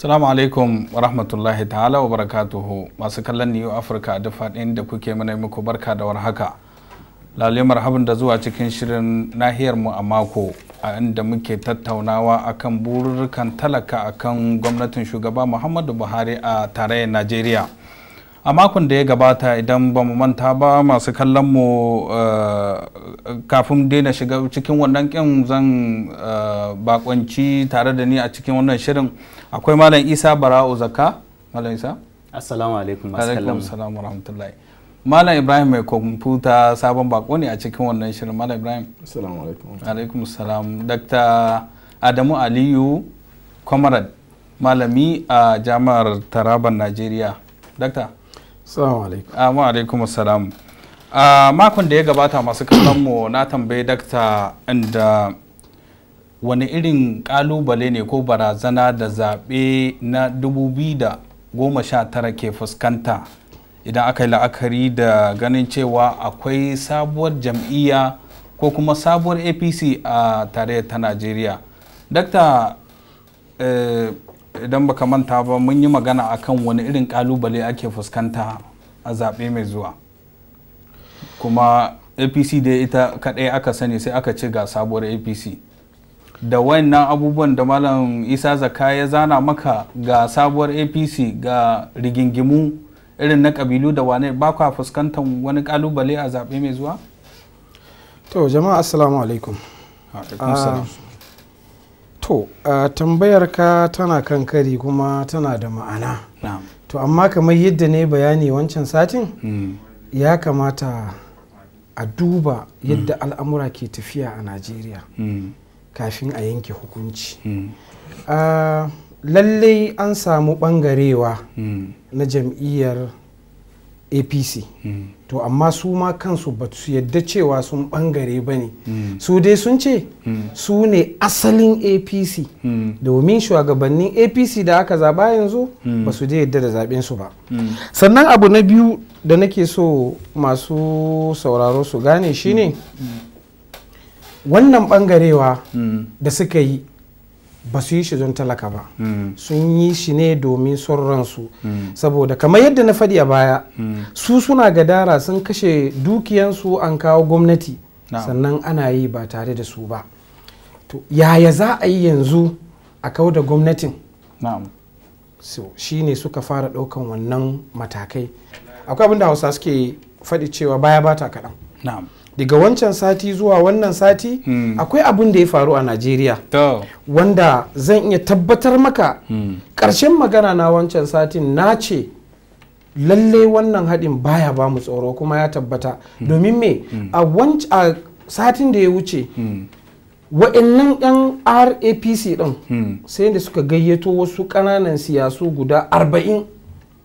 Salamu alaikum wa rahmatullahi ta'ala wa barakatuhu masu kallon New Africa da faɗin da kuke mana muku barka da warhaka. Lalle marhaban da zuwa cikin shirin nahiyar mu a mako a inda muke tattaunawa akan bururrukan talaka akan gwamnatin shugaba Muhammadu Buhari a tarayyar Najeriya. A makon da ya gabata idan ba mu manta ba masu kallon mu eh, kafin daina shiga cikin wannan kin zan eh, bakonci tare da ni a cikin wannan shirin. akwai malam isa bara'u zakka malam isa assalamu alaikum alaikum salam wa rahmatullahi malam ibrahim mai kwamfuta sabon bako ne a cikin wannan shirin malam ibrahim assalamu alaikum alaikum salam dr adamu aliyu kwamarad malami a jami'ar taraban najeriya dr assalamu alaikum ah, Wa alaikum assalam a ah, makon da ya gabata masu kallon mu na tambayi dr inda wani irin kalubale ne ko barazana da zaɓe na 2019 ke fuskanta idan aka yi la'akari da ganin cewa akwai sabuwar jam'iyya ko kuma sabuwar apc a tare ta najeriya dakta eh, idan baka manta ba mun yi magana akan wani irin kalubale ake fuskanta a zaɓe mai zuwa kuma apc da ita kaɗai aka sani sai aka ce ga sabuwar apc da wannan abubuwan da malam isa zaka ya zana maka ga sabuwar apc ga rigingimu irin na kabilu da wane ba kwa fuskantar wani kalubale a zaɓe mai zuwa to jama'a assalamu alaikum ah, to ah, tambayar ka tana kan kari kuma tana da ma'ana to amma kamar yadda ne bayani wancan satin hmm. ya kamata a duba hmm. yadda al'amura ke tafiya a najeriya hmm. kafin a yanke hukunci hmm. lallai an samu bangarewa hmm. na jam'iyyar apc hmm. to amma su ma kansu ba su yadda cewa sun bangare ba ne su dai sun ce su ne asalin apc domin shugabannin apc da aka zaba yanzu ba su dai yadda da zaben su ba sannan abu na biyu da nake so masu sauraro su gane shine ne. wannan bangarewa hmm. da suka yi ba su yi shi don talaka ba hmm. sun yi shi ne domin son ransu hmm. saboda kamar yadda na faɗi a baya su suna gadara sun kashe dukiyansu an kawo gwamnati sannan ana yi ba tare da su ba to yaya za a yi yanzu a kau da gwamnatin shi ne suka fara ɗaukan wannan matakai akwai abin da hausa suke faɗi cewa baya bata kaɗan daga wancan sati zuwa wannan sati hmm. akwai abin da ya faru a najeriya wanda zan iya tabbatar maka hmm. ƙarshen magana na wancan satin na ce lalle wannan haɗin baya ba mu tsoro kuma ya tabbata hmm. domin me a satin da ya wuce wa'annan 'yan rapc ɗin sai da suka gayyato wasu ƙananan siyasu guda arba'in.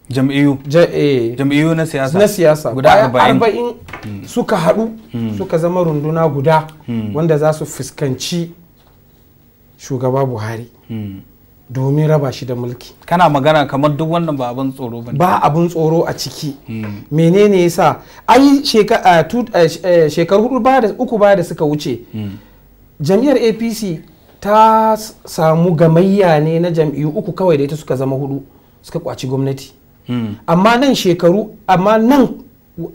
jam'iyyu eh. jam'iyyu na siyasa na siyasa guda 40 hmm. suka haɗu hmm. suka zama runduna guda hmm. wanda za su fuskanci shugaba buhari domin raba shi da mulki kana magana kamar duk wannan ba abin tsoro ba ba abin tsoro a ciki menene yasa ai shekaru hudu ba da uku ba da suka wuce jam'iyyar apc ta samu gamayya ne na jam'iyyu uku kawai da ita suka zama hudu suka kwaci gwamnati amma nan shekaru amma nan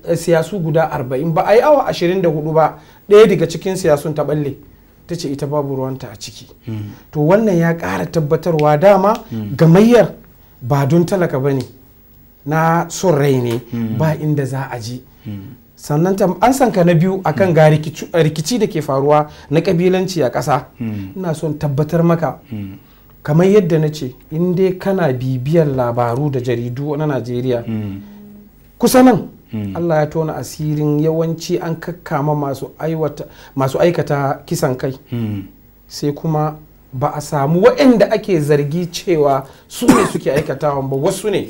eh, siyasu guda arba'in ba a yi awa ashirin da hudu ba ɗaya daga cikin siyasun ta balle ta ce ita babu ruwanta a ciki to wannan ya ƙara tabbatarwa dama gamayyar ba don talaka ba ne na son rai ne ba inda za a ji sannan an ka na biyu akan ga rikici da ke faruwa na kabilanci a ƙasa ina son tabbatar maka kamar yadda na ce in dai kana bibiyar labaru da jaridu na najeriya hmm. kusa nan hmm. allah ya tona asirin yawanci an kakkama masu aikata kisan kai hmm. sai kuma ba a samu waɗanda ake zargi cewa su ne suke aikatawan ba wasu ne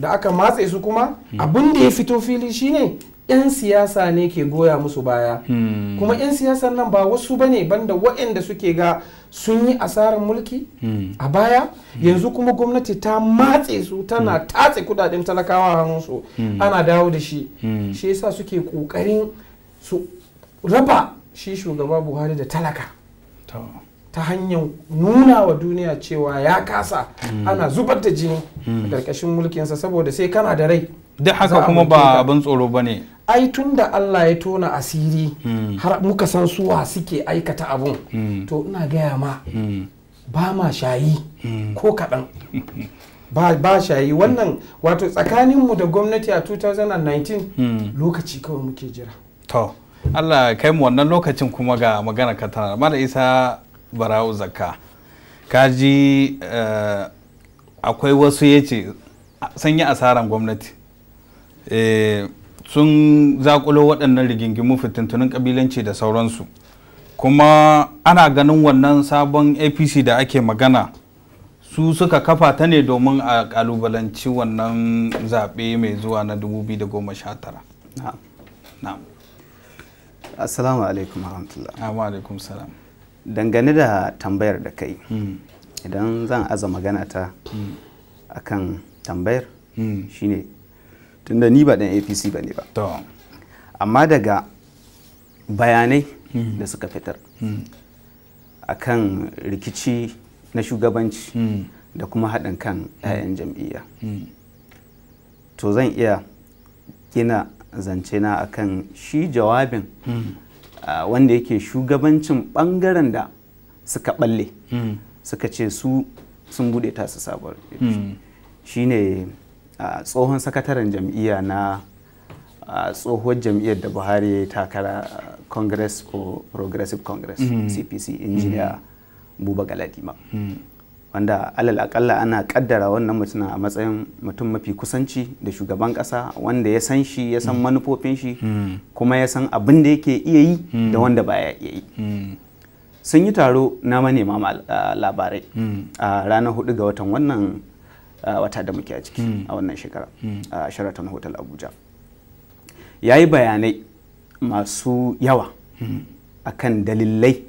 da aka matse su kuma abin ya fito fili shine 'yan siyasa ne ke goya musu baya hmm. kuma 'yan siyasan nan ba wasu ba ne banda waɗanda suke ga sun yi asarar mulki hmm. a baya hmm. yanzu kuma gwamnati ta matse su tana tatse kudaden talakawa su ana dawo da shi shi yasa suke ƙoƙarin su raba shi shugaba buhari da talaka ta hanyar nuna wa duniya cewa ya kasa ana zubar da jini a ƙarƙashin mulkinsa saboda sai kana da rai duk haka kuma ba abin tsoro ba ne ai tun da Allah ya tona asiri hmm. har muka san suwa suke aikata abun hmm. to ina gaya ma hmm. ba ma shayi ko kaɗan ba, shayi wannan wato tsakaninmu da gwamnati a 2019 lokaci kawai muke jira to Allah kai mu wannan lokacin kuma ga magana ka tana mala isa bara'u zakka kaji eh, akwai wasu ya ce sun asaran gwamnati Eh, sun zakulo waɗannan rigingimu fitintunin kabilanci da sauransu kuma ana ganin wannan sabon apc da ake magana su suka kafa ta ne domin a kalubalanci wannan zaɓe mai zuwa na 2019 na'am assalamu alaikum warahmatullah ah, alaikum salam dangane da tambayar da kai hmm. idan zan aza magana ta hmm. akan tambayar hmm. shine da ni ba dan apc ba ne ba amma daga bayanai hmm. da suka fitar hmm. akan rikici na shugabanci hmm. da kuma haɗin kan 'ya'yan jam'iyya to zan iya gina zance na akan shi jawabin wanda yake shugabancin ɓangaren da suka ɓalle suka ce su sun bude tasu sabuwar shi ne tsohon sakataren jam'iyya na tsohuwar jam'iyyar da buhari ya takara congress for progressive congress cpc mm-hmm. injiniya mm-hmm. buba galadima mm-hmm. wanda alal akalla ana kaddara wannan mutum a matsayin mutum mafi kusanci da shugaban kasa wanda ya san shi ya san manufofin shi kuma ya san abin da yake iya yi da wanda baya iya yi sun yi taro na manema labarai a ranar 4 ga watan wannan wata da muke a ciki hmm. a wannan shekara hmm. a sheraton hotel abuja ya yi bayanai masu yawa hmm. akan dalilai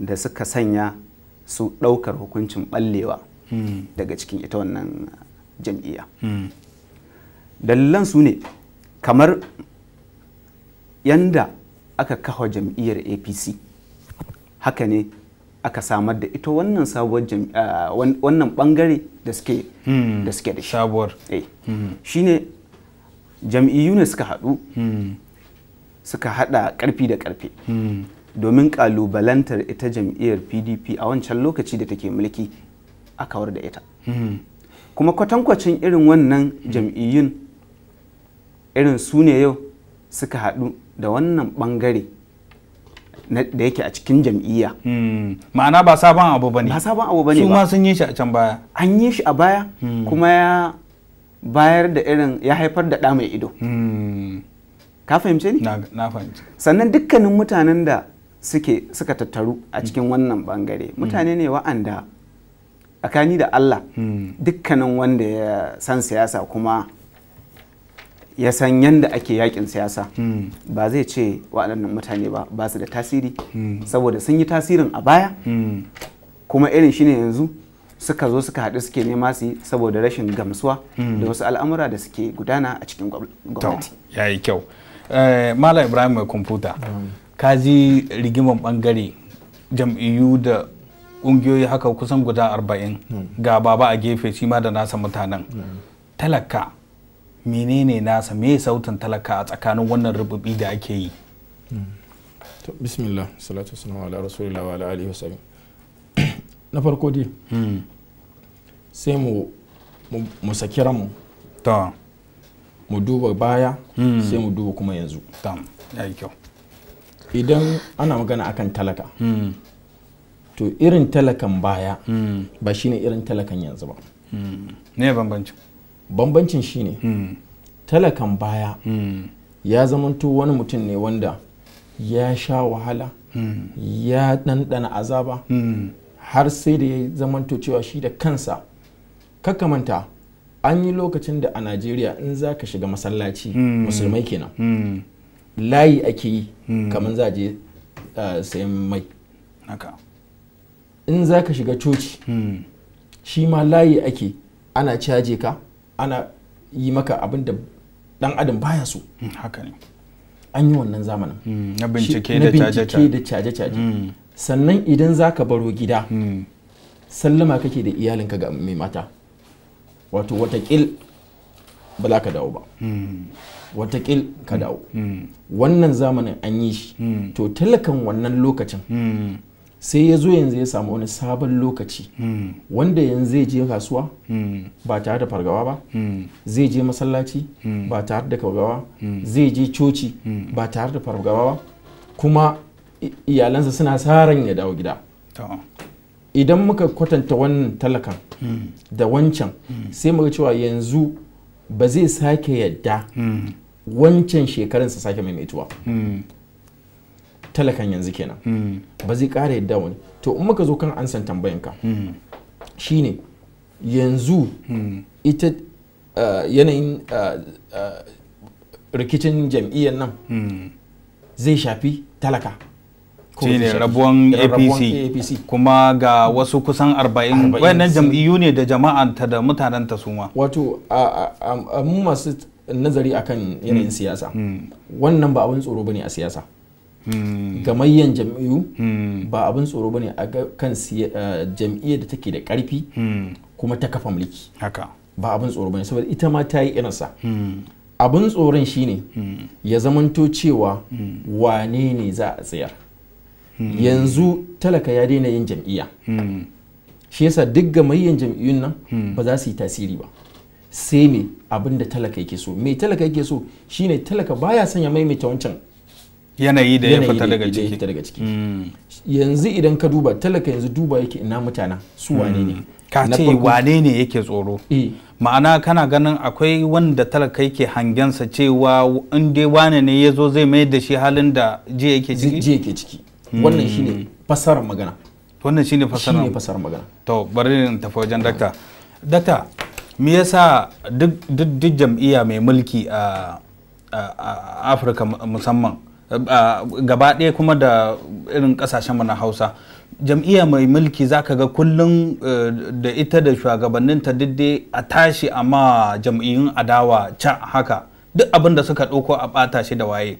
da suka sanya su ɗaukar hukuncin ɓallewa daga cikin ita wannan jam'iyya dalilan su ne kamar yanda aka kafa jam'iyyar apc haka ne aka samar da ita wannan sabuwar ah, wannan bangare hmm. da suke da suke da sabuwar eh. hmm. shine jam'iyyu ne suka haɗu hmm. suka haɗa ƙarfi da karfe domin ƙalubalantar ita jam'iyyar pdp a wancan lokaci da take mulki a kawar da ita kuma kwatankwacin irin wannan jam'iyyun irin su ne yau suka haɗu da wannan ɓangare da yake a cikin jam'iyya. Hmm. ma'ana ba sabon abu ba ne ba sabon abu ba ne ba su sun yi shi a can baya an yi shi a baya hmm. kuma ya bayar da irin ya haifar da ɗa mai ido hmm. ka fahimce ni na fahimce sannan dukkanin mutanen da suke suka tattaru a cikin wannan bangare mutane ne wa'anda tsakani da Allah dukkanin wanda ya san siyasa kuma ya san yadda ake yakin siyasa hmm. ba zai ce waɗannan mutane ba ba su da tasiri hmm. saboda sun yi tasirin a baya hmm. kuma irin shine yanzu suka zo suka haɗu suke nema su saboda rashin gamsuwa da wasu al'amura da suke gudana a cikin gwamnati ya yi kyau eh, mala ibrahim mai kwamfuta ka ji rigimar bangare jam'iyyu da ƙungiyoyi haka kusan guda arba'in ga baba a gefe shi ma da nasa mutanen talaka menene nasa me sautin talaka a tsakanin wannan rububi da ake yi bismillah salatu wassalamu ala rasulillah wa ala alihi wasallam na farko dai hmm. sai mu mu saki ranmu to mu duba baya hmm. sai mu duba kuma yanzu idan ana magana akan talaka hmm. to irin talakan baya ba shine irin talakan yanzu ba ne bambancin bambancin shi ne hmm. talakan baya hmm. ya zamanto wani mutum ne wanda ya sha wahala hmm. ya ɗanɗana azaba har sai da ya zamanto cewa shi da kansa kakamanta an yi lokacin da a najeriya in za ka shiga masallaci musulmai kenan layi ake yi kamar za je sayan mai in za ka shiga coci shi ma layi ake ana caje ka ana yi maka abin da dan adam baya so hmm, haka ne an yi wannan zamanin hmm, na bincike da caje-caje hmm. sannan idan za ka baro gida sallama kake da iyalinka ga mai mata wato watakil ba za ka dawo ba watakil ka dawo wannan zamanin an yi shi to talakan wannan lokacin sai ya zo yanzu ya samu wani sabon lokaci hmm. wanda yanzu zai je kasuwa hmm. ba tare da fargawa ba hmm. zai je masallaci ba tare da fargawa zai je coci ba tare da fargawa ba kuma iyalansa suna sa ran ya dawo gida idan muka kwatanta wannan talakan da wancan sai muka cewa yanzu ba zai sake yadda wancan shekarunsa sake maimaituwa talakan yanzu kenan ba zai kara yadda wani to in muka zo kan ansan tambayan ka shine yanzu ita eh, yanayin eh, eh, rikicin jam'iyyar nan zai shafi talaka shine rabuwan apc kuma ga wasu kusan 40 wayannan jam'iyyu ne da jama'anta da mutanenta su ma wato mu masu nazari akan yanayin mm. siyasa mm. wannan ba abin tsoro bane a siyasa Hmm. gamayyan jam'iyyu hmm. ba abin tsoro bane a kan eh, jam'iyyar da take da karfi hmm. kuma ta kafa mulki haka ba abin tsoro bane saboda ita ma ta yi irinsa abin tsoron shine ya zamanto cewa wane ne za a tsayar yanzu talaka ya daina yin jam'iyya shi yasa duk gamayyan jam'iyyun nan ba za su yi tasiri ba sai me abin da talaka yake so me talaka yake so shine talaka baya sanya maimaita wancan yanayi da ya fita daga ciki fita daga ciki mm. yanzu idan ka duba talaka yanzu duba yake ina mutanen su mm. wane ne ka ce wane ne yake tsoro eh. ma'ana kana ganin akwai wanda talaka yake hangensa cewa in dai wane ne ya zo zai mai da shi halin da ji yake ciki ji yake ciki wannan mm. shine fasarar magana wannan shine fasarar fasarar magana to bari in tafi wajen dakta dakta me yasa duk duk jam'iyya mai mulki a afirka musamman gaba ɗaya kuma da irin ƙasashen mana hausa jam'iyya mai mulki za ka ga kullum e, da ita da shugabannin ta didde a tashi amma jam'iyyun adawa ca haka duk abin da suka ɗauko a ɓata shi da waye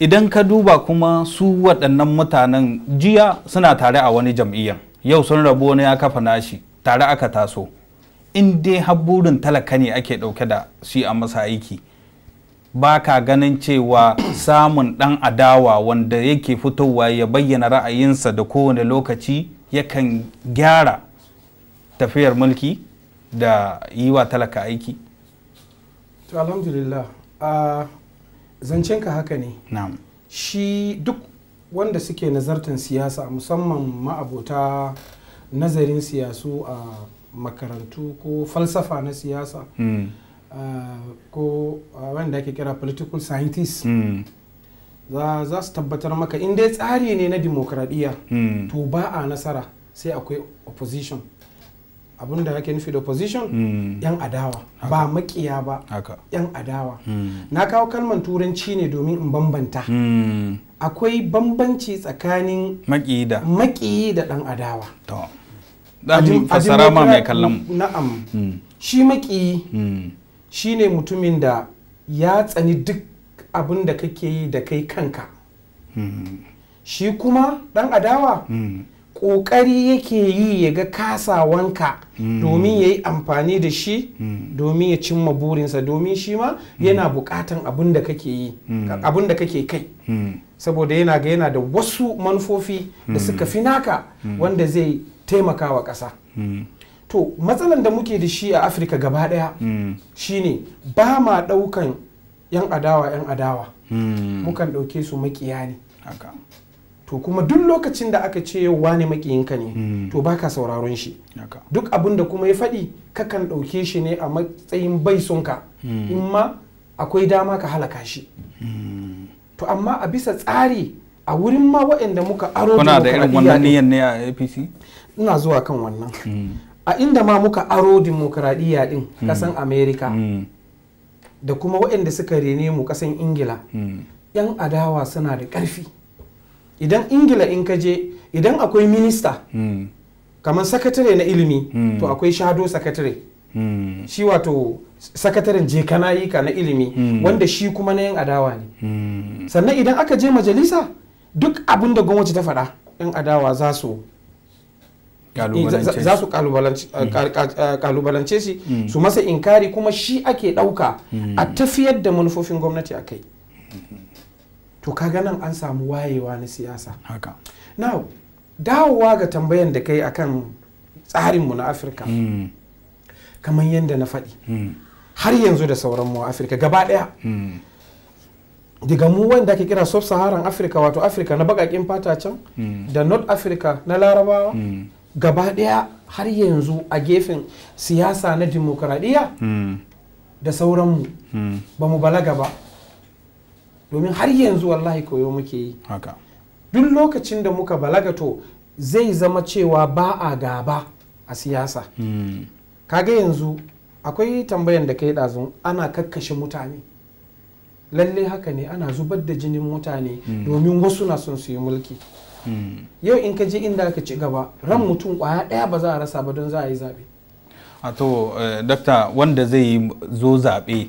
idan ka duba kuma su waɗannan mutanen jiya suna tare a wani jam'iyyan yau sun rabu wani ya kafa nashi tare aka taso in dai burin talaka ne ake ɗauke da shi a masa aiki ba ka ganin cewa samun dan adawa wanda yake fitowa ya bayyana ra'ayinsa da kowane lokaci yakan gyara tafiyar mulki da yi wa talaka aiki to alhamdulillah a zancenka haka ne shi duk wanda suke nazartan siyasa musamman ma'abota nazarin siyasu a makarantu ko falsafa na siyasa hmm. Eh, ko eh, wanda ake kira political scientist hmm. za su tabbatar maka in dai tsari ne na demokradiyya hmm. to ba a nasara sai akwai opposition abin ake nufi da opposition hmm. yan adawa ba makiya ba yan adawa na kawo kalman turanci ne domin in bambanta akwai bambanci tsakanin makiyi da dan adawa fasara ma mai kallon na'am shi maki shine mutumin da ya tsani duk abin da kake yi da kai kanka shi kuma dan adawa ƙoƙari yake yi ya ga kasawanka domin ya yi amfani da shi domin ya cimma burinsa domin shi ma yana buƙatan abin da kake yi abin da kake kai saboda yana ga yana da wasu manufofi da suka fi naka wanda zai taimaka wa ƙasa to matsalan da muke da shi a afirka gaba daya hmm. shine ba ma daukan yan adawa yan adawa hmm. mukan dauke su makiya ne to kuma duk lokacin da aka ce yau wane makiyinka ne hmm. to baka sauraron shi duk abin da kuma ya faɗi kakan ɗauke shi ne a matsayin ka in ma akwai dama ka halaka shi to amma a bisa tsari a wurin ma da muka aro kuna da irin wannan niyan ne a apc ina zuwa kan wannan a inda ma muka aro dimokuraɗiyya ɗin hmm. ƙasan amerika hmm. da kuma waɗanda suka rene mu ƙasan ingila hmm. 'yan adawa suna da ƙarfi idan ingila in ka je idan akwai minista kamar sakatare na ilimi to akwai shado sakatare shi wato sakataren jekanayika na ilimi wanda shi kuma na 'yan adawa ne sannan idan aka je majalisa duk abin da gwamnati ta faɗa 'yan adawa za su za su kalubalance mm. shi mm. su masa inkari kuma shi ake ɗauka mm. a tafiyar da manufofin gwamnati a kai mm-hmm. to kaga nan an samu wayewa na siyasa now dawowa ga tambayan da kai akan tsarinmu na afirka kamar yadda na faɗi har yanzu da sauran mu afirka gaba daya. daga mu wanda ake kira sub-saharan afirka wato afirka na bakakin fata can da north afirka na larabawa gaba ɗaya har yanzu a gefen siyasa na dimokuraɗiyya hmm. da sauranmu hmm. ba mu balaga ba domin har yanzu wallahi koyo muke yi duk lokacin da muka balaga to zai zama cewa ba a gaba a siyasa hmm. kaga yanzu akwai tambayan da kai ɗazun ana kakkashe mutane lalle haka ne ana zubar da jinin mutane domin wasu na son su yi mulki yau in ka je inda ka ci gaba ran mutum kwaya daya ba za a rasa ba don za a yi zaɓe a to eh, dakta wanda zai zo zaɓe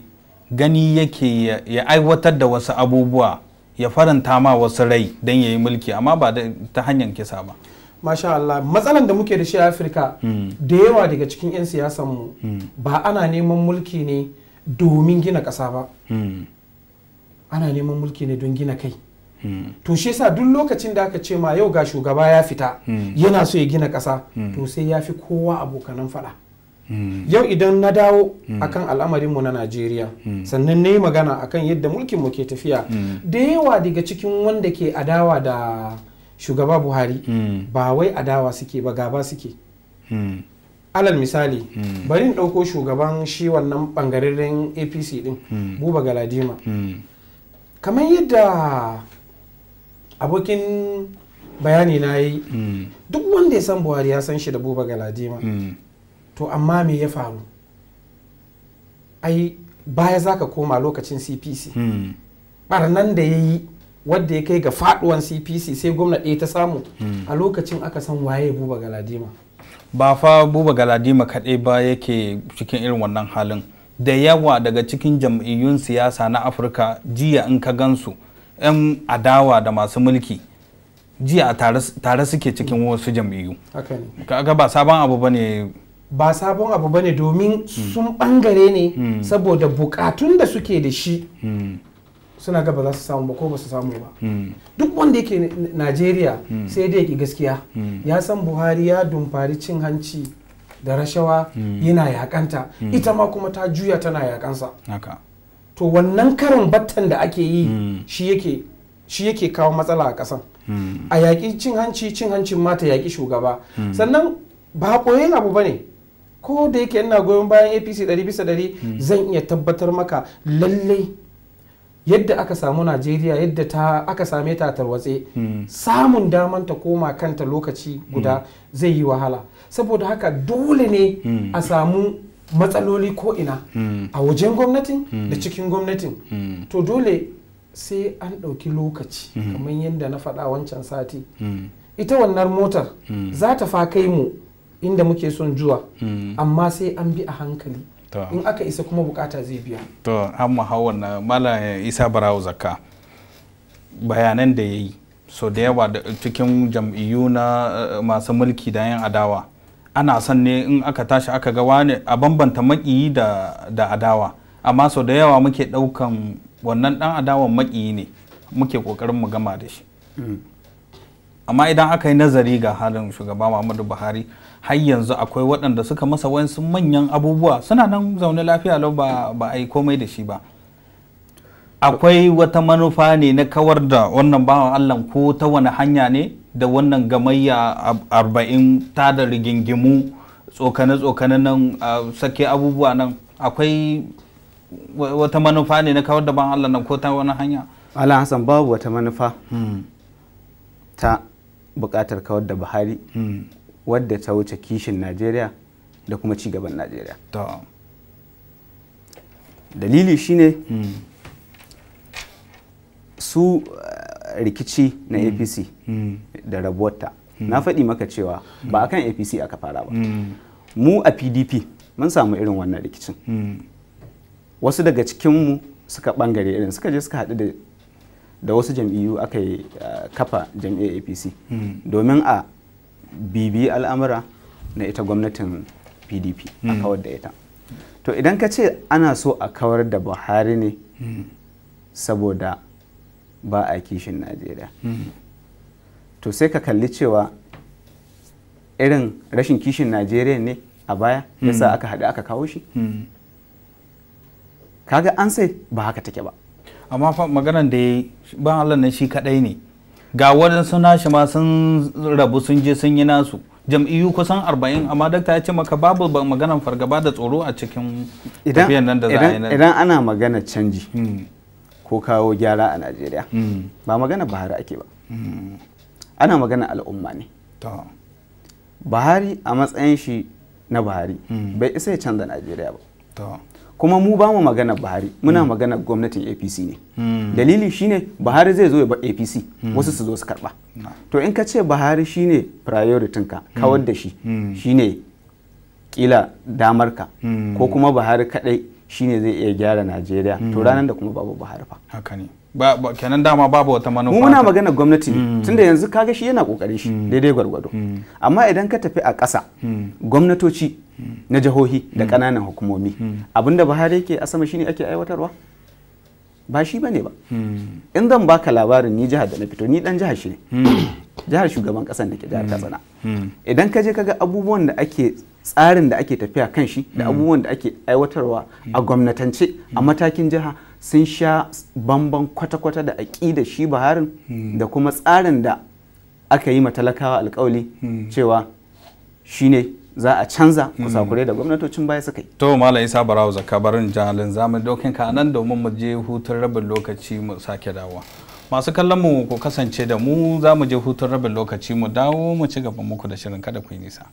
gani yake ya aiwatar da wasu abubuwa ya faranta ma wasu rai don ya yi mulki amma ba ta hanyar kisa ba masha Allah matsalan da muke da shi a afirka hmm. da yawa daga cikin 'yan siyasanmu hmm. ba ana neman mulki ne domin gina ƙasa ba hmm. ana neman mulki ne don gina kai to shi yasa duk lokacin da aka ce ma yau ga shugaba ya fita yana so ya gina kasa. to sai ya fi kowa abokanan faɗa yau idan na dawo akan al'amarinmu na najeriya sannan na yi magana akan yadda mulkinmu ke tafiya da yawa daga cikin wanda ke adawa da shugaba buhari ba wai adawa suke ba gaba suke alal misali bari in ɗauko shugaban shi wannan apc din. buba galadima kamar yadda abokin bayani na yi mm. duk wanda ya san buhari ya san shi da buba galadima mm. to amma me ya faru ai baya za ka koma lokacin cpc barnan mm. da ya yi wadda ya kai ga faduwan cpc sai gwamna ɗaya ta samu a lokacin aka san waye buba galadima ba fa buba galadima kaɗai ba yake cikin irin wannan halin da yawa daga cikin jam'iyyun siyasa na afirka jiya in ka gansu 'yan adawa da masu mulki jiya tare suke cikin wasu jam'iyyu kaga ba sabon abu ba ne ba sabon abu ba ne domin sun bangare ne hmm. Hmm. saboda bukatun da suke da shi hmm. suna ga ba za su samu ba ko ba su samu ba duk wanda yake najeriya sai dai ki gaskiya ya san buhari ya dumfari cin hanci da rashawa yana yakanta ita ma kuma ta juya tana yakansa to wannan karin battan da ake yi hmm. shi yake kawo matsala a ƙasan hmm. a yaƙi cin hanci cin hancin mata yaƙi shugaba hmm. sannan ba ɓoyin abu ba ne ko da yake ina goyon bayan apc 100 bisa zan iya tabbatar maka lallai yadda aka samu najeriya yadda ta aka same ta tarwatse samun daman ta koma kanta lokaci guda zai yi wahala saboda haka dole ne a samu matsaloli ko ina hmm. a wajen gwamnatin da hmm. cikin gwamnatin hmm. to dole sai an ɗauki lokaci kamar yadda na faɗa wancan sati ita wannan motar za ta fa kai mu inda muke son zuwa amma sai an bi a hankali in aka isa kuma bukata zai biya to amma hawan na mala isa barawo zakka bayanan da ya yi so da yawa cikin jam'iyyu na eh, masu mulki da yan adawa ana son ne in aka tashi aka ga wane a bambanta maƙiyi da, adawa amma sau da yawa muke ɗaukan wannan ɗan adawan maƙiyi ne muke ƙoƙarin mu gama da shi amma idan aka yi nazari ga halin shugaba muhammadu buhari har yanzu akwai waɗanda suka masa wasu manyan abubuwa suna nan zaune lafiya lau ba a yi komai da shi ba akwai wata manufa ne na kawar da wannan bawan allah ko ta wani hanya ne da wannan gamayya arba'in tada rigingimu tsokane-tsokane nan sake abubuwa nan akwai wata manufa ne na kawar da ban Allah nan ko ta wani hanya ala hassan babu wata manufa hmm. ta bukatar kawar da buhari hmm. wadda ta wuce kishin najeriya da kuma cigaban najeriya dalili shine hmm. su rikici na mm. apc mm. da rabuwarta mm. na faɗi maka cewa ba a kan apc aka fara ba mu a pdp mun samu irin wannan rikicin wasu daga cikinmu suka bangare irin suka je suka haɗu da da wasu jam'iyyu aka yi eh, kafa jam'iyyar apc domin a bibi al'amura na ita gwamnatin pdp a kawar da ita to idan ka ce ana so a kawar da buhari ne saboda ba a kishin najeriya hmm. to sai ka kalli cewa irin rashin kishin najeriya ne a baya yasa hmm. aka haɗu aka kawo shi hmm. kaga an sai ba haka take ba amma fa maganar da ya ban allah nan shi kadai ne ga wadansu suna shi ma sun rabu sun je sun yi nasu jam'iyyu kusan arba'in amma dakta ya ce maka babu maganar fargaba da tsoro a cikin tafiyan nan da za a yi idan ana magana canji ko kawo gyara a najeriya hmm. ba magana buhari ake ba hmm. ana magana al'umma ne buhari a matsayin shi na buhari hmm. bai isa ya canza najeriya ba kuma mu ba mu magana buhari muna magana gwamnatin apc ne dalili shine buhari zai zo ya ba apc wasu su zo su karba to in ka ce buhari shine priority ka kawar da shi shine kila damar ka ko kuma buhari kadai shine zai iya gyara najeriya to hmm. ranar da kuma babu buhari fa haka ne kenan dama babu wata manufa mu muna magana gwamnati ne hmm. tunda yanzu kaga shi yana kokarin shi hmm. daidai gwargwado amma idan ka tafi a ƙasa gwamnatoci na jihohi da ƙananan hukumomi abinda buhari yake a sama shine ake aiwatarwa ba shi bane ba in zan baka labarin ni jihar da na fito ni dan jihar shi ne jihar shugaban kasan da ke jihar hmm. katsina hmm. idan ka je kaga abubuwan da ake tsarin da ake tafiya kan shi da hmm. abubuwan da ake aiwatarwa a gwamnatance a matakin jiha sun sha bamban kwata-kwata da da shi baharin da kuma tsarin da aka yi matalakawa alkawali cewa shi ne za a canza kusakure da gwamnatocin baya suka yi. To Malam Isa Barawo Zakabarin Jalin zamu dokin ka nan domin mu je hutun rabin lokaci mu sake dawowa. masu kallon mu ku kasance da mu za mu je hutun rabin lokaci mu dawo mu ci gaba muku da shirin kada ku yi nisa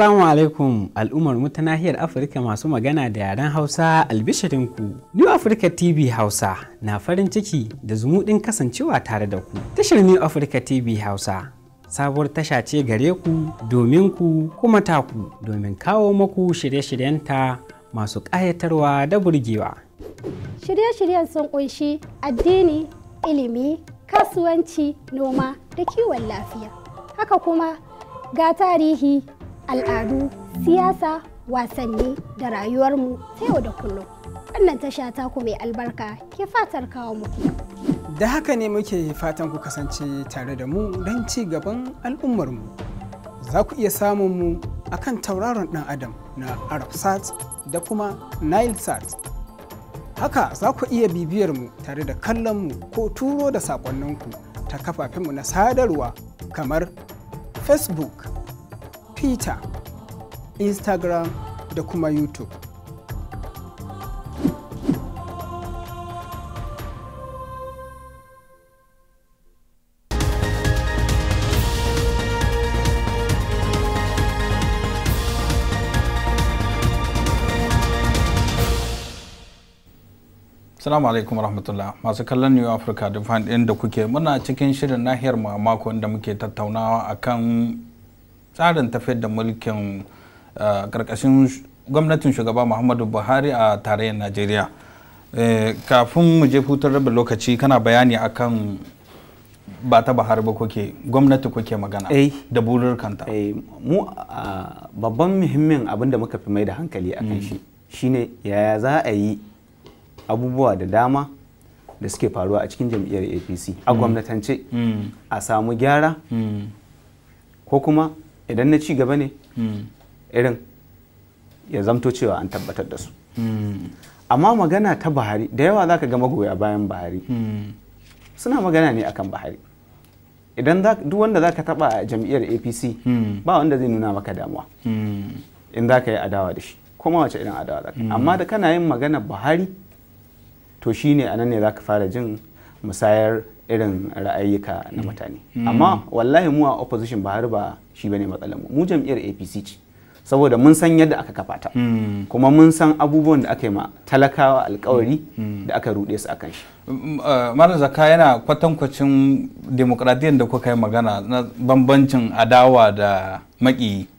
Assalamu alaikum al'ummar mu ta nahiyar Afirka masu magana da yaren Hausa ku New Africa TV Hausa na farin ciki da zumuɗin kasancewa tare da ku. Tashar New Africa TV Hausa sabuwar tasha ce gare ku domin ku kuma taku domin kawo maku shirye-shiryenta masu ƙayatarwa da burgewa. Shirye-shiryen sun ƙunshi addini, ilimi, kasuwanci, noma da kiwon lafiya. Haka kuma ga tarihi al'adu siyasa wasanni da rayuwarmu ta yau da kullum wannan tasha ta ku mai albarka ke fatar kawo muku da haka ne muke fatan ku kasance tare da mu don ci gaban al'ummarmu za ku iya samun mu akan tauraron dan adam na arabsat da kuma sat haka za ku iya bibiyar mu tare da kallon mu ko turo da sakonninku ta mu na sadarwa kamar facebook twitter instagram da kuma youtube Salamu alaikum rahmatullah masu kallon New Africa Define ɗin da kuke muna cikin shirin nahiyar mu da muke tattaunawa akan tsarin tafiyar da mulkin karkashin eh, gwamnatin shugaba muhammadu buhari a tarayyar najeriya eh, kafin mu je hutun rabin lokaci kana bayani akan ba ta buhari ba kuke gwamnati kuke magana eh. da burirkanta mu babban muhimmin abin da muka fi mai da hankali a kan hmm. shi shine yaya za a yi abubuwa da dama da suke faruwa a cikin jam'iyyar apc a hmm. gwamnatance hmm. a samu gyara ko kuma idan na ci gaba ne hmm. irin ya zamto cewa an tabbatar da su hmm. amma magana ta bahari da yawa za ka ga magoya bayan bahari hmm. suna magana ne akan bahari idan duk wanda za ka taba a jam'iyyar apc ba wanda zai nuna maka damuwa in za ka yi adawa da shi kuma wace irin adawa za ka amma da kana yin magana bahari to shine nan ne za ka fara jin musayar irin ra'ayyuka na mm. mutane mm. amma wallahi mu a opposition ba har ba shi bane matsalar mu mu jam'iyyar APC ce saboda mun san yadda aka kafa ta mm. kuma mun san abubuwan da aka yi ma talakawa alkawari da aka rude su akan shi uh, malam zaka yana kwatankwacin demokradiyyar da kuka yi magana na bambancin adawa da maƙiyi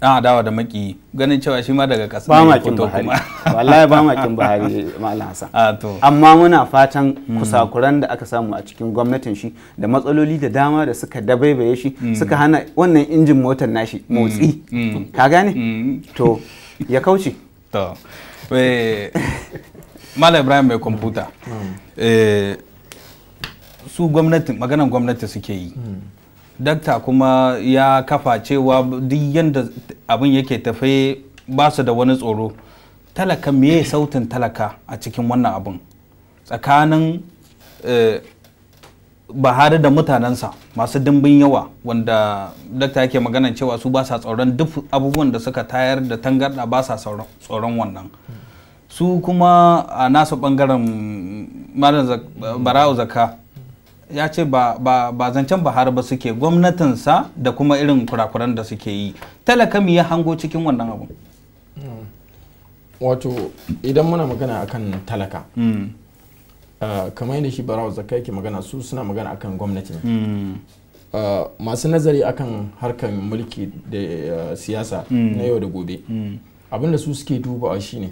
da adawa da maki ganin cewa shi ma daga kasa ba ma kin bahari wallahi ba ma kin bahari malam hasan amma muna fatan hmm. kusakuran da aka samu a cikin gwamnatin shi da matsaloli da dama da suka dabaibaye shi hmm. suka hana wannan injin motar nashi hmm. motsi ka gane to ya kauce to eh, malam ibrahim mai kwamfuta eh, su gwamnati maganan gwamnati suke yi dakta kuma ya kafa cewa duk yadda abin yake tafe ba su da wani tsoro talaka me sautin talaka a cikin wannan abin tsakanin eh, bahari da mutanensa masu dimbin yawa wanda dakta yake magana cewa su ba sa tsoron duk abubuwan da suka tayar da tangarda ba sa tsoron wannan su kuma a nasu bangaren malam bara'u zaka ya ce ba zancen bahar ba suke gwamnatinsa da kuma irin kurakuran da suke yi talaka ya hango cikin wannan abu wato idan muna magana kan talaka hmm. ah, kamar yadda shi barawa zaka yake magana su suna magana akan gwamnati ne hmm. ah, masu nazari akan harkar mulki da ah, siyasa hmm. na yau da gobe abinda su suke dubawa shine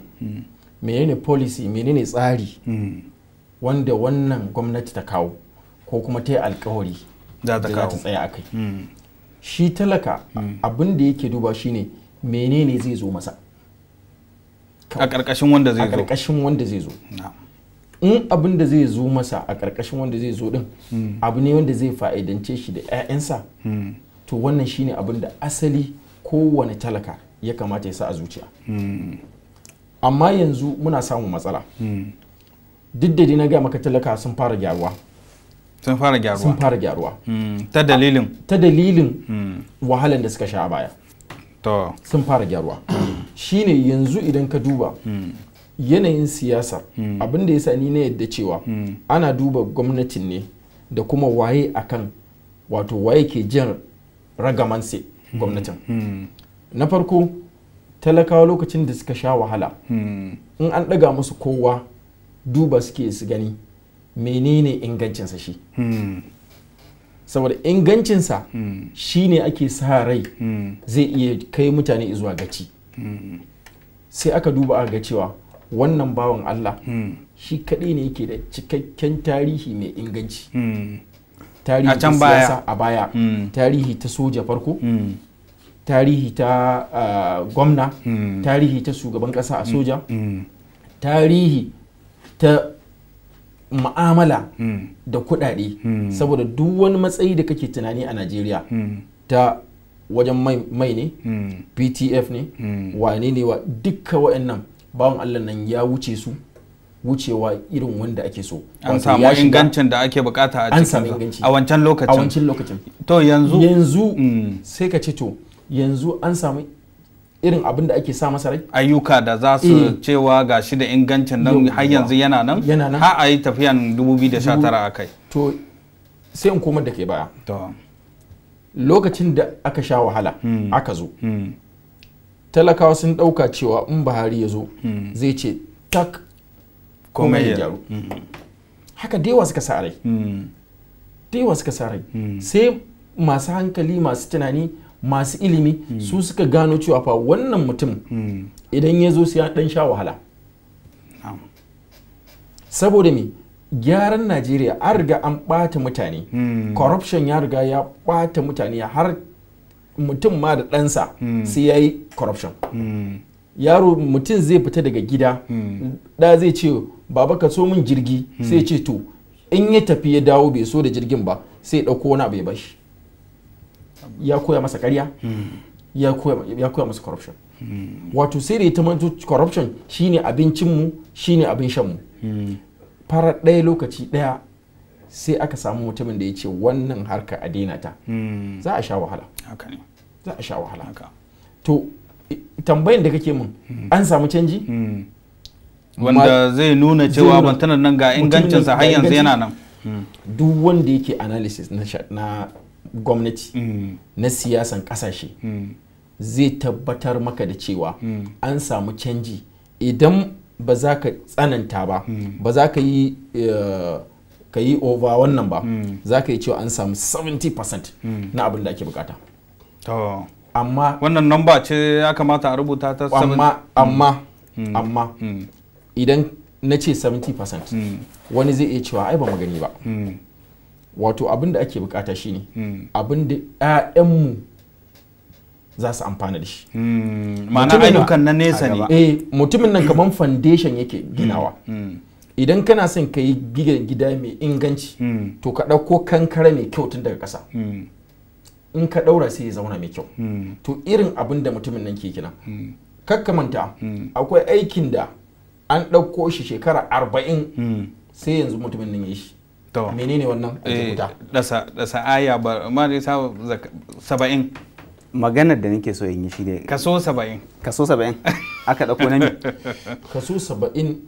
menene policy menene tsari wanda wannan gwamnati ta kawo ko kuma ta yi alkawari da za ta tsaya a kai hmm. shi talaka hmm. abin da yake duba shine menene zai zo masa a ƙarƙashin wanda zai zo a ƙarƙashin wanda zai zo in abin da zai zo masa a ƙarƙashin wanda zai zo din hmm. abu ne wanda zai fa'idance shi da 'ya'yansa to wannan shine abin da asali kowane talaka ya kamata ya sa a zuciya amma yanzu muna samun matsala duk da na gaya maka talaka sun fara gyaruwa sun fara gyaruwa sun fara gyaruwa hmm, ta dalilin ta dalilin hmm. wahalan da suka sha baya to sun fara gyaruwa shine yanzu idan ka duba hmm. yanayin siyasa abin da yasa ni na yadda cewa ana duba gwamnatin ne da kuma waye akan wato waye ke jin sai gwamnatin na farko talakawa lokacin da suka sha wahala in an ɗaga musu kowa duba suke su gani menene ingancinsa shi hmm. saboda ingancinsa hmm. shi ne ake sa rai hmm. zai iya kai mutane zuwa gaci sai aka duba a ga cewa wannan bawan Allah shi kaɗai ne yake da cikakken tarihi mai inganci tarihi ta siyasa a baya tarihi ta soja farko tarihi ta ah, gwamna tarihi ta shugaban ƙasa a soja tarihi ta mu'amala hmm. da kuɗaɗe hmm. saboda duk wani matsayi da kake tunani a najeriya hmm. ta wajen mai ne ptf ne wane ne wa dukka wa'annan bawan allah nan ya wuce su wucewa irin wanda ake so an samu ingancin da ake bukata a cikin a wancan lokacin a wancan lokacin to yanzu yanzu sai ka ce to yanzu an samu irin abin da ake sa masa rai ayyuka da za su eh. cewa ga shi da ingancin nan har yanzu yana nan yana nan har a yi tafiyan 2019 a kai to sai in komar da ke baya lokacin da aka sha wahala hmm. aka zo hmm. talakawa sun ɗauka cewa in buhari ya zo hmm. zai ce tak komai ya gyaru haka da suka sa rai da yawa suka sa rai sai masu hankali masu tunani masu ilimi su hmm. suka gano cewa fa wannan mutum hmm. idan ya zo sai dan sha wahala saboda me gyaran najeriya an riga an bata mutane hmm. corruption ya riga ya bata mutane har mutum ma da ɗansa sai ya yi corruption yaro mutum zai fita daga gida da zai ce baba ka so min jirgi sai ce to in ya tafi ya dawo bai so da jirgin ba sai dauko wani abu ya bashi ya koya masa karya ya koya masa corruption wato sai da ya manto corruption shine abincinmu shine abin shanmu fara ɗaya lokaci ɗaya sai aka samu mutumin da ya ce wannan harka a daina ta za a sha wahala za a sha wahala to tambayin da kake mun an samu canji wanda zai nuna cewa bantanan nan ga ingancinsa hanyar yanzu yana nan duk wanda yake analysis na gwamnati mm. na siyasan kasashe mm. zai tabbatar maka da cewa mm. an samu canji idan ba za ka tsananta ba ba za ka yi eh, ka yi over wannan ba za ka yi cewa an samu 70% na abin da ake bukata amma wannan namba ce ya kamata a rubuta ta amma amma amma idan na ce 70% wani zai iya cewa ai ba magani ba wato abin da ake bukata shine hmm. abin da 'ya'yanmu za su amfana da shi hmm. ma'ana ayyukan na nesa ne eh mutumin nan kamar foundation yake hmm. ginawa idan kana son ka yi gida mai inganci to ka ɗauko kankara mai kyau tun daga ƙasa in ka ɗaura sai ya zauna mai kyau to irin abin da mutumin nan ke kina kakkamanta akwai aikin da an ɗauko shi shekara arba'in sai yanzu mutumin nan ya shi menene wannan eh, dasa dasa aya ba ma dai saba'in maganar da nake so in yi shi ne kaso saba'in kaso saba'in aka ɗauko na kaso saba'in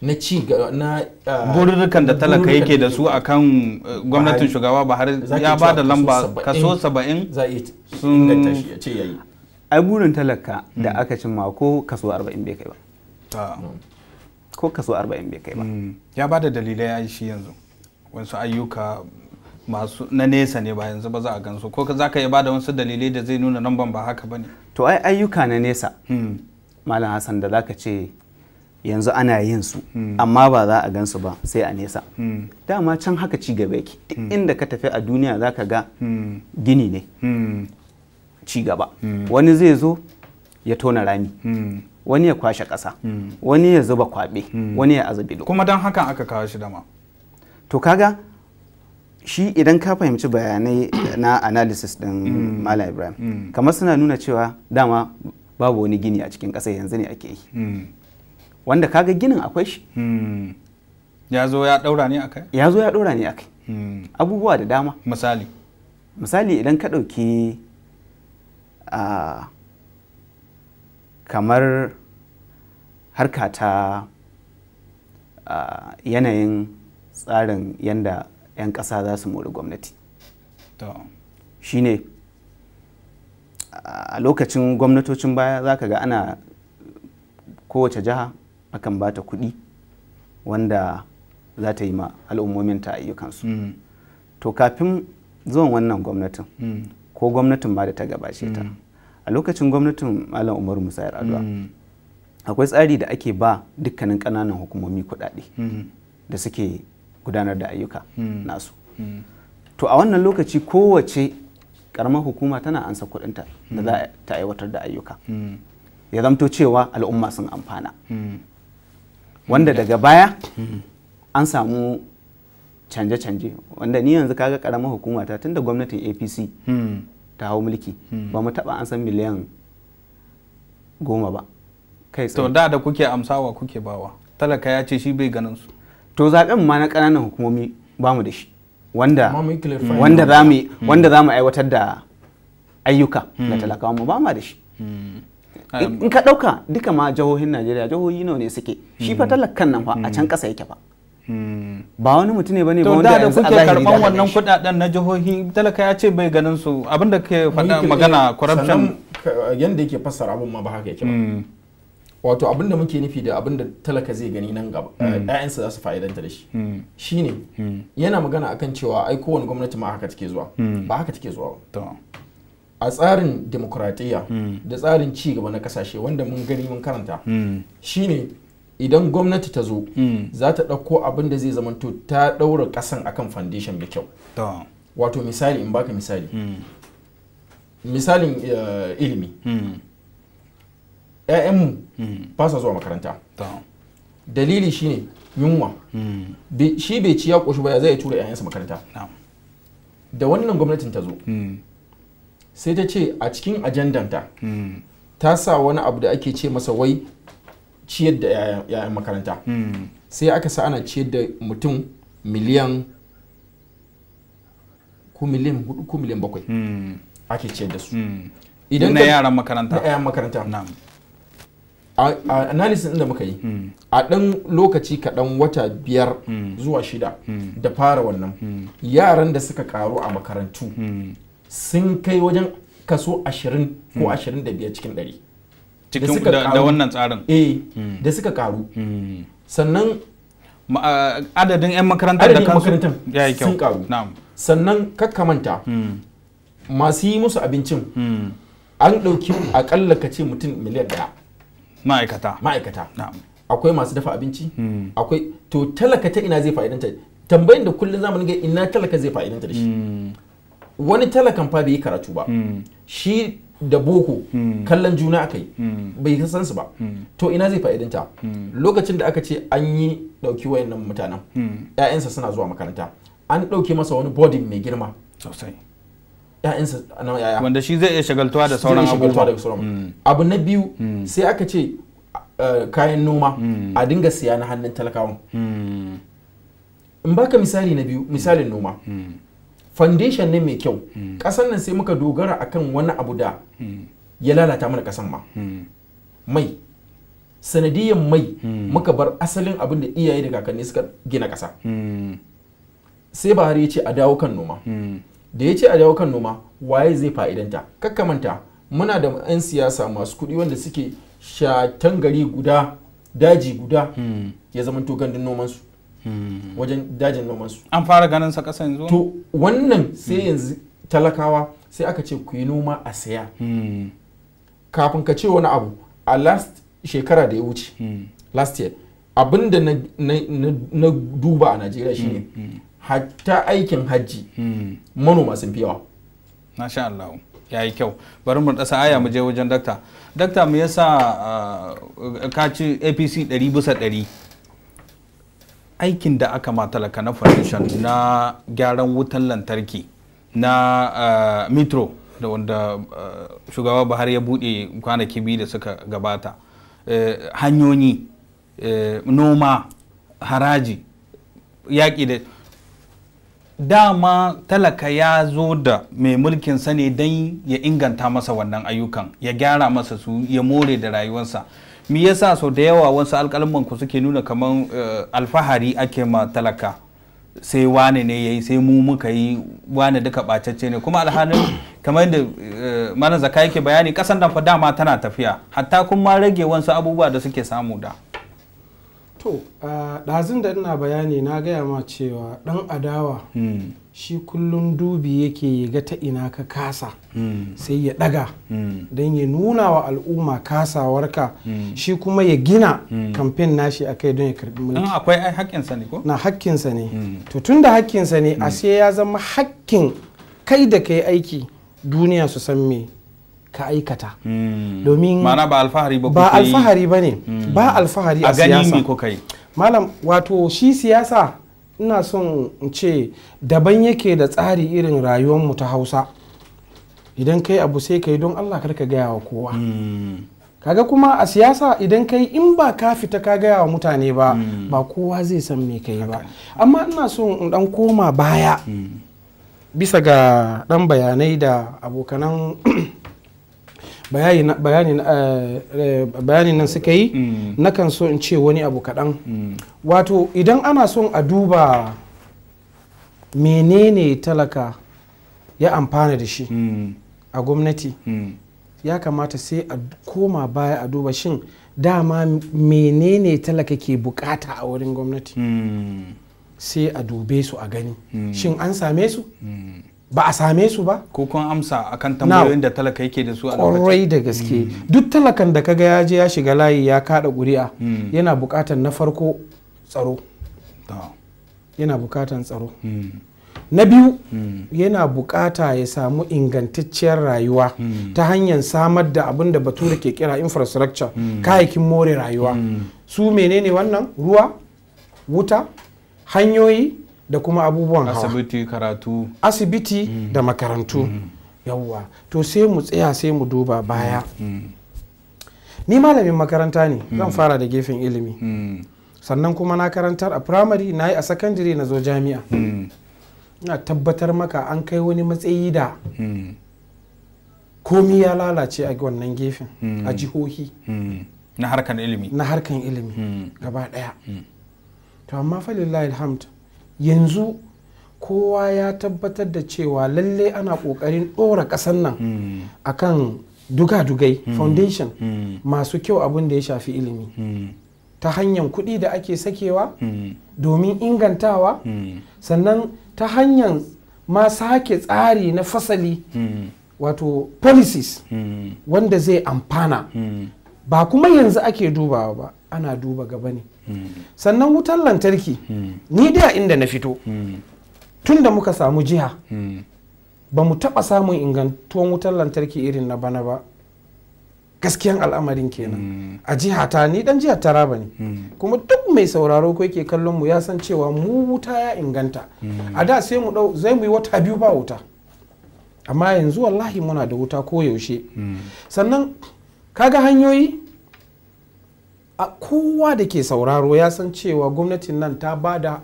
na ci na burrukan ah, da talaka yake da su akan eh, gwamnatin shugaba har ya ba da lamba kaso saba'in sun ai burin talaka da hmm. aka ma ko kaso arba'in bai kai ba hmm. ko kaso arba'in bai kai ba hmm. ya ba da dalilai ya shi yanzu wasu ayyuka masu na nesa ne ba yanzu ba za a gansu ko za ka iya ba da wasu dalilai da zai nuna nan ba haka ba ne to ai ayyuka na nesa hmm. malam hassan da za ka ce yanzu ana yin su hmm. amma ba za a gansu ba sai a nesa hmm. dama can haka ci gaba yake inda ka tafi a duniya za ka ga gini ne ci gaba wani zai zo ya tona rami wani ya kwashe ƙasa wani ya zuba kwaɓe wani ya azabi kuma don hakan aka kawo shi dama to kaga shi idan ka fahimci bayanai na analysis din mm. Malam Ibrahim mm. kamar suna nuna cewa dama babu wani gini a cikin ƙasa yanzu ne ake yi mm. wanda kaga ginin akwai shi ya zo ya ɗaura ne akai ya zo ya abubuwa da dama misali misali idan ka ɗauki a kamar harka ta yanayin tsarin yanda 'yan ƙasa za su mori gwamnati shi ne a lokacin gwamnatocin baya za ka ga ana kowace jiha akan ba ta kuɗi wanda za ta yi ma al'ummominta ayyukansu mm. to kafin zuwan wannan gwamnatin mm. ko gwamnatin ba da ta gabace ta mm. a lokacin gwamnatin malam umar musayar adua akwai tsari da ake ba dukkanin ƙananan hukumomi kuɗaɗe da suke gudanar da ayyuka hmm. nasu hmm. to a wannan lokaci kowace karamar hukuma tana ansa kudinta da za hmm. ta aiwatar da ayyuka ya zamto cewa al'umma sun amfana wanda daga baya an samu canje-canje wanda ni yanzu kaga karamar hukuma ta tun da gwamnatin apc ta hau mulki ba mu taba an san miliyan goma ba to da da kuke amsawa kuke bawa talaka ya ce shi bai ganin su to zaben ma na ƙananan hukumomi ba mu da shi wanda hmm. za mu aiwatar da ayyuka na hmm. talakawa mu ba ma da shi hmm. in ka ɗauka duka ma jihohin Najeriya jihohi nawa ne suke shi fa talakan nan fa a can ƙasa yake fa ba wani mutum ne bane ba wanda da kuke karban wannan kudaden na jihohi talaka ya ce bai ganin su abinda ke faɗa magana corruption eh, yanda yake fassara abun ma ba haka yake ba wato abin da muke nufi da abin da talaka zai gani nan gaba eh, hmm. su za su fa'idanta da shi hmm. shine hmm. yana magana akan cewa ai kowane gwamnati ma haka take zuwa ba haka take zuwa ba a tsarin demokuratiyya da tsarin ci gaba na kasashe wanda mun gani mun karanta shine idan gwamnati ta zo za ta ɗauko abin da zai zamanto ta ɗaura ƙasan akan foundation da kyau wato misali in baka misali misalin eh, ilimi 'ya'yanmu hmm. ba sa zuwa makaranta dalili shi ne yunwa hmm. shi bai ci ya ƙoshi ba zai tura 'ya'yansa makaranta da wannan gwamnatin ta zo hmm. sai ta ce a cikin ajandanta ta sa wani abu da ake ce masa wai ciyar da 'ya'yan makaranta sai aka sa ana ciyar da mutum miliyan ko miliyan hudu ko miliyan bakwai ake ciyar da su idan na yaran makaranta na yaran makaranta a analysis da muka yi hmm. a ɗan lokaci kaɗan wata biyar hmm. zuwa shida hmm. da fara wannan yaran da suka karu a makarantu sun kai wajen kaso 20 ko 25 cikin 100 cikin da wannan tsarin eh da suka karu sannan adadin 'yan makarantar da kansu sun karu sannan kakkamanta masu yi musu abincin an ɗauki akalla ka ce mutum miliyan ɗaya ma'aikata ma'aikata akwai masu dafa abinci hmm. akwai to talaka ta ina zai fa'idanta tambayin da kullum zamanin ga ina talaka zai fa'idanta da shi hmm. wani talakan fa bai yi karatu ba hmm. shi da boko kallon juna aka bai san su ba to ina zai fa'idanta lokacin da aka ce an yi dauki wayannan mutanen 'ya'yansa suna zuwa makaranta an dauke masa wani boarding mai girma ya'yansa na yaya wanda shi zai iya shagaltuwa da sauran abubuwa mm. abu na biyu mm. sai aka ce eh, kayan noma mm. a dinga siya na hannun talakawa. in baka misali na biyu misalin noma foundation ne mai kyau kasan nan sai muka dogara akan wani abu da ya lalata mana kasan ma mai sanadiyan mai muka bar asalin abin da iyaye da kakanni suka gina kasa sai bahari ya ce a dawo kan noma da ya ce a dawo kan noma waye zai fa'idanta kakkamanta muna da 'yan siyasa masu kuɗi wanda suke shatan gari guda daji guda hmm. ya zama to gandun nomansu hmm. wajen dajin nomansu an fara ganin sa kasan. yanzu to wannan sai hmm. yanzu talakawa sai aka ce ku yi noma a saya kafin ka ce wani abu a last shekara da ya wuce last year abinda na duba a najeriya shine hatta aikin hajji hmm. manoma sun fi yawa masha Allah ya yi kyau bari mu dasa aya mu je wajen dakta dakta mu yasa ah, ka ci apc 100 bisa 100 aikin da aka ma talaka na foundation na gyaran wutan lantarki na ah, metro da wanda ah, shugaba buhari ya buɗe kwanaki biyu da suka gabata eh, hanyoyi eh, noma haraji yaƙi da dama talaka ya zo da mai mulkin sani don ya inganta masa wannan ayyukan ya gyara masa su ya more da rayuwarsa me yasa sau da yawa wasu alƙalman ku suke nuna kamar eh, alfahari ake ma talaka sai wane ne ya yi sai mu muka yi wane duka ɓacacce ne kuma alhalin kamar yadda eh, mana zaka yake bayani ƙasan nan fa dama tana tafiya hatta kuma rage wasu abubuwa da suke samu da to ɗazin da ina bayani na gaya ma cewa ɗan adawa hmm. shi kullum dubi yake ya ga ta ina ka kasa hmm. sai ya ɗaga hmm. don ya nuna wa al'umma kasawarka shi kuma ya gina kamfen nashi a kai don ya karɓi mulki akwai haƙƙinsa ne ko na haƙƙinsa ne to tun da haƙƙinsa ne a sai ya zama haƙƙin kai da kai aiki duniya su san me ka aikata hmm. domin mana ba alfahari ba ba alfahari ba ne hmm. ba alfahari a siyasa ko malam wato shi siyasa ina son in ce daban yake da tsari irin rayuwar mu ta hausa idan kai abu sai kai don allah kar ka gaya wa kowa hmm. kaga kuma a siyasa idan kai in ba ka fita ka gaya wa mutane ba ba kowa zai san me kai ba amma ina son in dan koma baya bisa ga dan bayanai da abokanan Eh, eh, bayanin nan suka yi mm. nakan so in ce wani abu kaɗan mm. wato idan ana son a duba menene talaka ya amfana da shi mm. a gwamnati ya kamata sai a koma baya a duba shin dama menene talaka ke bukata a wurin gwamnati sai a dube su a gani shin an same su ba a same su ba ko kun amsa akan tambayoyin da talaka yake da su a lokacin da gaske duk talakan da kaga ya je ya shiga layi ya kada ƙuri'a hmm. yana buƙatar na farko tsaro yana tsaro hmm. na biyu hmm. yana buƙata ya samu ingantacciyar rayuwa ta hanyar samar da abin da bature ke kira infrastructure kayakin more rayuwa su menene wannan ruwa wuta hanyoyi da kuma abubuwan hawa asibiti karatu asibiti mm. da makarantu mm. yawwa to sai mu tsaya sai mu duba mm. baya mm. ni malamin makaranta ne zan fara da gefen ilimi sannan kuma na karantar a primary na yi a secondary na zo jami'a na tabbatar maka an kai wani matsayi da komi ya lalace a wannan gefen a jihohi na harkan ilimi na harkan ilimi gaba daya to amma falillahi alhamdu yanzu kowa ya tabbatar da cewa lalle ana kokarin dora kasan nan hmm. akan duga-dugai hmm. foundation hmm. masu kyau abin da ya shafi ilimi ta hanyar kuɗi da ake sakewa domin ingantawa sannan ta hanyar ma sake tsari na fasali wato policies wanda zai amfana ba kuma yanzu ake dubawa ba ana duba gaba ne sannan wutan lantarki ni daya inda na fito tun da muka samu jiha ba mu taɓa samun ingantuwan wutan lantarki irin na bana ba gaskiyan al'amarin kenan a jiha ta ni dan ta raba ne kuma duk mai sauraro ko yake kallon mu ya san cewa mu wuta ya inganta a da sai mu dau zai mu yi wata biyu ba wuta amma yanzu wallahi muna da wuta ko yaushe sannan kaga hanyoyi a kowa da ke sauraro ya san cewa gwamnatin nan ta ba da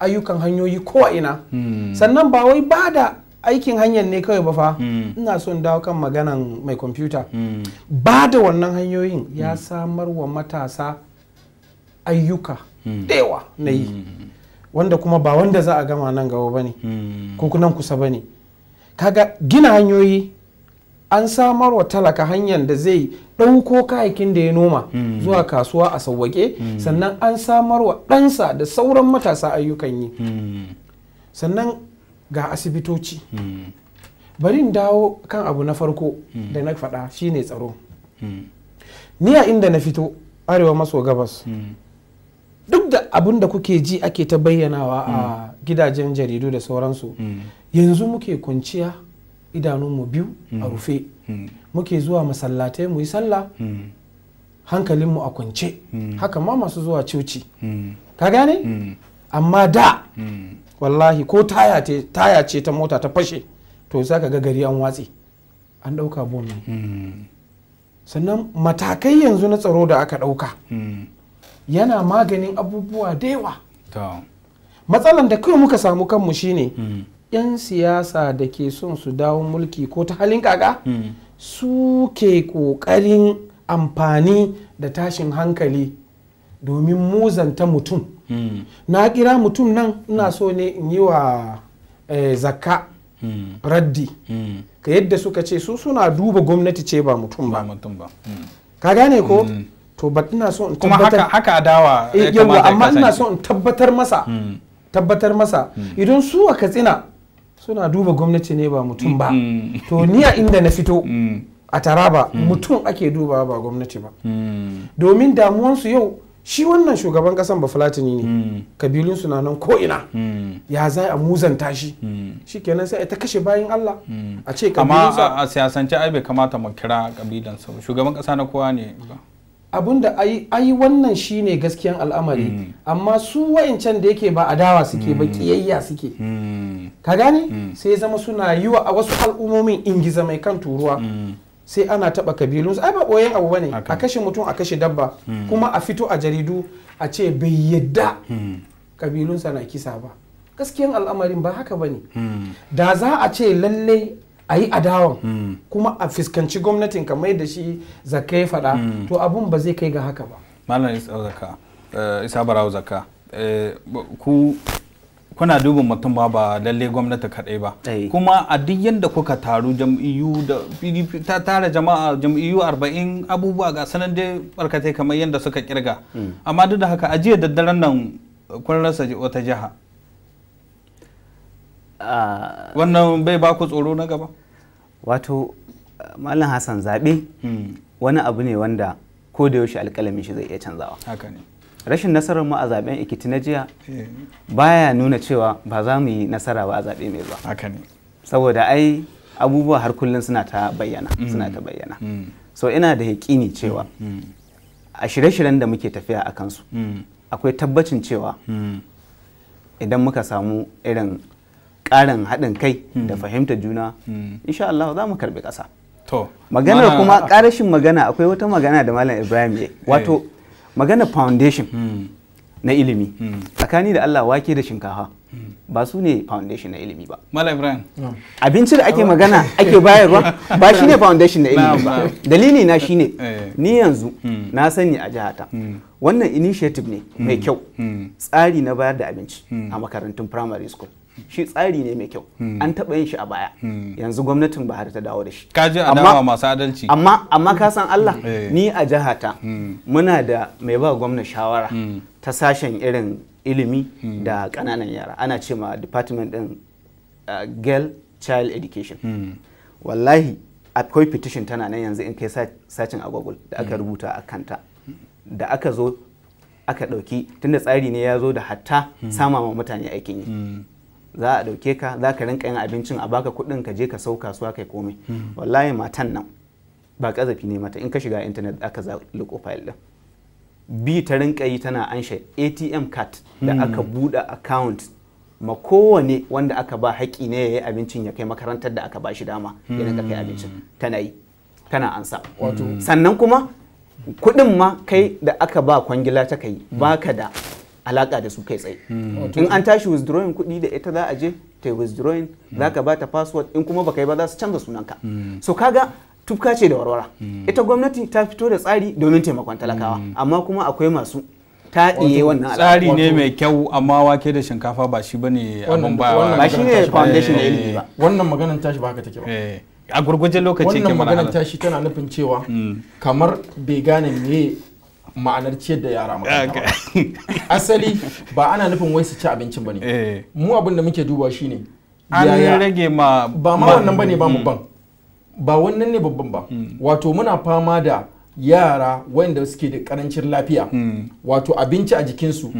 ayyukan hanyoyi kowa ina hmm. sannan ba wai ba da aikin hanyar ne kawai ba fa hmm. ina son dawo kan maganan mai kwamfuta hmm. ba da wannan hanyoyin ya samar wa matasa ayyuka da yawa na yi wanda kuma ba wanda za a gama nan gaba ba ne ko nan kusa ba ne kaga gina hanyoyi an samar wa talaka hanyar da zai ɗauko kayakin da ya noma hmm. zuwa kasuwa a sauwaƙe hmm. sannan an samar wa ɗansa da sauran matasa ayyukan yi hmm. sannan ga asibitoci barin dawo kan abu na farko da na faɗa shine tsaro ni a inda na fito arewa maso gabas duk da abin da kuke ji ake ta bayyanawa a gidajen jaridu da sauransu yanzu muke kwanciya idanunmu biyu a hmm. rufe hmm. muke zuwa masallatai mu yi sallah hmm. mu a kwance haka ma masu zuwa coci ka gane amma da wallahi ko taya ce ta mota ta fashe to za ka ga gari an watse an ɗauka bom sannan matakai yanzu na tsaro da aka ɗauka yana maganin abubuwa da yawa matsalan da kai muka samu kanmu shine 'yan siyasa da ke son su dawo mulki ko ta halin kaka hmm. su ke kokarin amfani da tashin hankali domin muzanta mutum hmm. na kira mutum nan ina hmm. so ne in yi wa eh, zakka raddi ka yadda suka ce su suna duba gwamnati ce ba mutum ba ka gane ko to ba ina so in kuma haka haka adawa eh, amma ina so in tabbatar masa tabbatar masa idan su a katsina suna duba gwamnati ne ba mutum ba mm. to ni a inda na fito mm. a taraba mm. mutum ake duba ba gwamnati ba domin damuwansu yau shi wannan shugaban kasan ba fulatini ne kabilun suna nan ko'ina ya za a muzanta shi shi kenan sai ta kashe bayan Allah a ce kabilunsa amma a siyasance ai bai kamata mu kira kabilansa shugaban kasa na kowa ne abinda ai wannan shine gaskiyan al'amari mm. amma su wayancan da yake ba a adawa suke ba mm. kiyayya suke mm. ka gane sai zama suna yi wa wasu al'ummomin ingiza mai kan turuwa sai ana taɓa kabilunsu ai ba ɓoyen abu bane a kashe mutum a kashe dabba kuma a fito a jaridu a ce bai yadda kabilunsa na kisa ba gaskiyan al'amarin ba haka bane da za a ce lallai a yi adawan hmm. kuma a fuskanci gwamnatin kamar da shi zaka ya faɗa mm. to abun ba zai kai ga haka ba malam isa bara zaka eh, eh, ku kuna dubin mutum ba ba lalle gwamnati kaɗai ba eh. kuma a duk yadda kuka taru jam'iyyu da pdp ta tara jama'a jam'iyyu arba'in abubuwa ga sanan dai barkatai kamar yadda suka kirga hmm. amma duk da haka a jiya daddaren nan kun rasa wata jiha wannan bai ba ku tsoro na gaba wato malam hassan zaɓe hmm. wani abu ne wanda ko da yaushe alƙalamin shi zai iya canzawa rashin nasarar mu a zaɓen ikiti na jiya eh. baya nuna cewa ba za mu yi nasara ba a zaɓe mai zuwa saboda ai abubuwa har kullum suna ta bayyana hmm. suna ta bayyana hmm. so ina da yaƙini cewa a shirye-shiryen da muke tafiya a kansu akwai tabbacin cewa idan muka samu irin karin haɗin kai hmm. da fahimtar juna hmm. insha Allah za mu karɓi ƙasa to maganar kuma ƙarashin magana akwai wata magana da malam Ibrahim ya eh. wato magana foundation hmm. na ilimi tsakani da Allah wake da shinkafa ba su ne foundation na ilimi ba malam Ibrahim abinci da ake magana ake bayarwa ba shi ne foundation na ilimi ba dalili na shi ne eh. ni yanzu na sani a jihata wannan initiative ne mai kyau tsari na bayar da abinci a makarantun primary school shi tsari ne mai kyau hmm. an taɓa yin shi a baya hmm. yanzu gwamnatin bahar ta dawo da shi kaji a dama masu adalci amma amma ka san Allah hmm. eh. ni a jihata muna da mai ba gwamna shawara ta sashen irin ilimi da ƙananan yara ana ce ma department din uh, girl child education wallahi akwai petition tana nan yanzu in kai sacin a google da aka rubuta a kanta da aka zo aka ɗauki tunda tsari ne ya zo da hatta sama ma mutane aikin yi za a ɗauke ka za ka rinka yin abincin a baka kuɗin ka je ka sau kasuwa kai komai hmm. wallahi matan nan ba kazafi ne mata in ka shiga intanet aka liko fayil din bi ta rinka yi tana anshe atm card da hmm. aka buɗe account ma kowane wanda aka ba haƙi ne ya yi abincin ya kai makarantar da aka ba shi dama ya rinka kai abincin hmm. tana yi tana ansa sannan kuma kuɗin ma kai da aka ba kwangila ta kai baka da alaka da su kai tsaye hmm. in an tashi withdrawing kuɗi da ita za a je ta yi withdrawing hmm. za ka ba ta password in kuma baka yi ba za su canza sunanka hmm. so kaga tufka ce da warwara ita gwamnati ta fito da tsari domin taimakon talakawa amma kuma akwai masu ta wannan alaƙa tsari ne mai kyau amma wake da shinkafa ba shi bane abin ba ba shi ne foundation ne. Eh. ba wannan maganar tashi ba haka take ba eh. a gurgurjen lokaci wannan maganar tashi tana nufin cewa kamar bai gane me ma'anar ciyar da yara makaranta asali ba ana nufin wai su ci abincin ba ne eh. mu abin da muke duba ne. an rage ma ba ma wannan ne ba mu mm. ba wannan ne babban ba mm. wato muna fama da yara wanda suke da karancin lafiya mm. wato abinci a jikinsu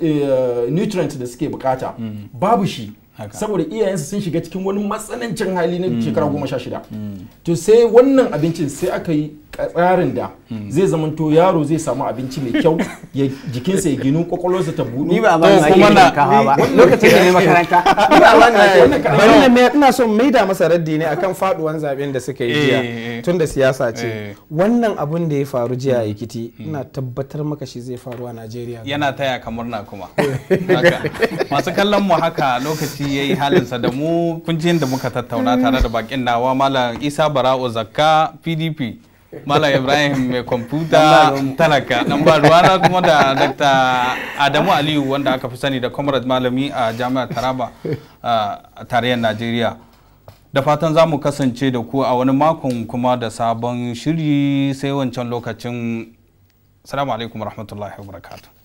eh, nutrient da suke bukata babu shi saboda iyayensa sun shiga cikin wani matsanancin hali na mm. shekara goma sha shida mm. to sai wannan abincin sai aka yi tsarin da mm. zai zamanto yaro zai samu abinci mai kyau jikinsa ya ginu kwakwalwarsa ta buɗu ni ba eh, ba ni ake ba lokacin da ne makaranta ni ba ba ni ake bari ne ina son maida masa raddi ne akan faduwan zaben da suka yi jiya eh, eh, tun da siyasa ce wannan abun da ya faru jiya a Ekiti ina tabbatar maka shi zai faru a Najeriya yana taya kamar na kuma masu kallon mu haka lokaci ya yayi halinsa da mu kun ji yadda muka tattauna tare da bakin nawa malam Isa Bara'u Zakka PDP Malam Ibrahim mai kwamfuta talaka dan ba ruwana kuma da Dr. Adamu Aliyu wanda aka fi sani da Comrade Malami a Jami'ar Taraba a tarayyar Najeriya. Da fatan za mu kasance da ku a wani makon kuma da sabon shiri sai wancan lokacin. Salamu alaikum wa